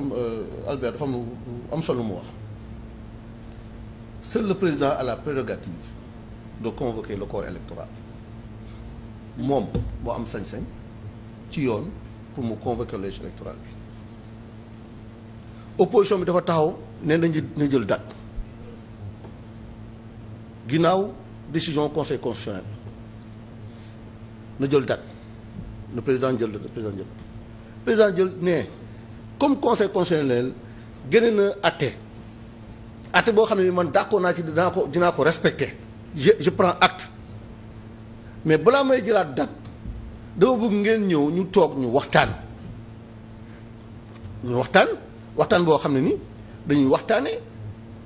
am euh, Albert dafa mu lu am solo mu wax seul le président à la prérogative de convoquer le corps électoral moom moo am sañ-sañ ci yoon pour mu convoquer le corps électoral bi opposition bi dafa taxaw ne nañu na jël date ginnaaw décision conseil constitutionnel na jël date le président jël le président jël président comme conseil constitutionnel gën na atte atte boo xam ne man d'accord naa ci dinaa ko dinaa ko respecté je je prends acte mais balaa may jëlaat date dama bëgg ngeen ñëw ñu toog ñu waxtaan ñu waxtaan waxtaan boo xam ne ni dañuy waxtaanee.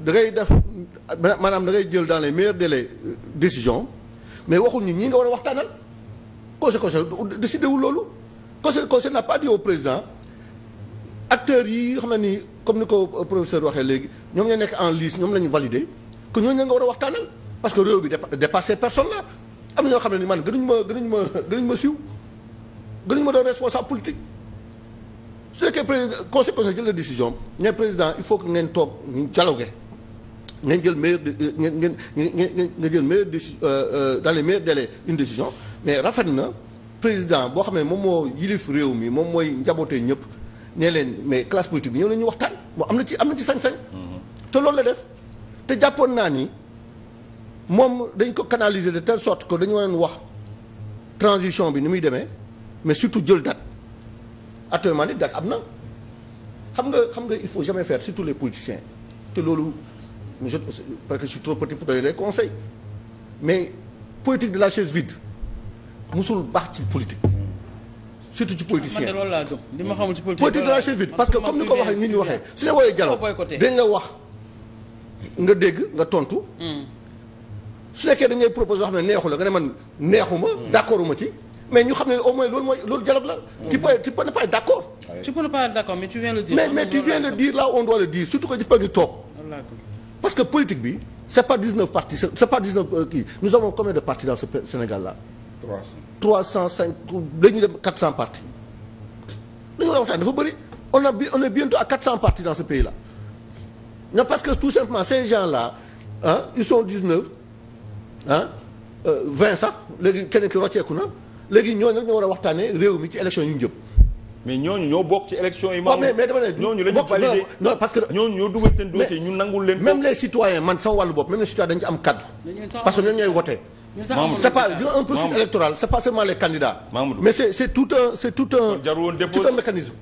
da ngay def maanaam da ngay jël dans les meilleurs délais euh, décision mais waxuñu ñi nga war a waxtaanal conseil conseil décidé wul loolu conseil conseil n'a pas dit au président acteurs yi xam na ni comme ni ko euh, professeur waxee léegi ñoom ñoo nekk en lice ñoom la ñu validé que ñooñu nga war a waxtaanal parce que réew bi dépassé personne la am na ñoo xam ne ni man gënuñ ma gënuñ ma gënuñ ma siiw gënuñ ma doon responsable politique su fekkee président conseil conseil jël la décision ne président il faut ngeen toog ñu dialoguer ngeen jël meilleur euh, ngeen ngeen ngeen nga jël meilleur décision euh, euh, dans les meilleurs délais une décision mais rafet na président boo xam ne moom moo yilif réew mi moom mooy njabootee ñëpp nee leen mais classe politique bi ñëw nañu waxtaan moo am na ci am na ci sañ mm-hmm. te loolu la def te jàppoon naa ni moom dañ ko canaliser de telle sorte que dañu leen wax transition bi ni muy demee mais surtout jël date actuellement ni date am na xam nga xam nga il faut jamais faire surtout les politiciens te loolu. je parce que je suis trop petit pour donner des conseils mais politique de la chaise vide musul baax ci politique surtout ci politicien li ma xamul ci politique. politique de la chaise vide parce que comme ni ko waxee nit ñi waxee su ñu woowee dialogue dañ la wax nga dégg nga tontu. Hmm. su nekkee dañ lay proposé yoo xam ne neexu la nga ne man neexuma hmm. d'accorduma ci. mais ñu xam ne au moins loolu mooy loolu dialogue la. Hmm. tu peux tu peux ne pas être d'accord. tu peux ne pas être d'accord mais tu viens le dire. mais mais tu viens le dire là on doit le dire surtout que ci pegg toog. parce que politique bi c'est pas 19 partis c'est pas 19 kii euh, nous avons combien de partis dans ce Sénégal là. 300 305 dañuy dem 400 partis dañu war a waxtaan dafa bëri on a on est bientôt à 400 partis dans ce pays là non parce que tout simplement ces gens la ah ils sont 19 ah 20 sax léegi keneen ki rocceeku na léegi ñooñu nag ñoo war a waxtaanee réew mi ci élection yu ñu jëm. mais ñooñu ñoo bokk ci élection yi. waaw mais mais dama ne ñooñu parce que. ñooñu ñoo dugal seen dossier ñu nangul leen. même les citoyens man sama wàllu bopp même les citoyens dañu ci am kaddu. parce que ñoom ñooy wote. c'est pas un processus électoral c'est pas seulement les candidats. mais c'est tout un tout un. mécanisme.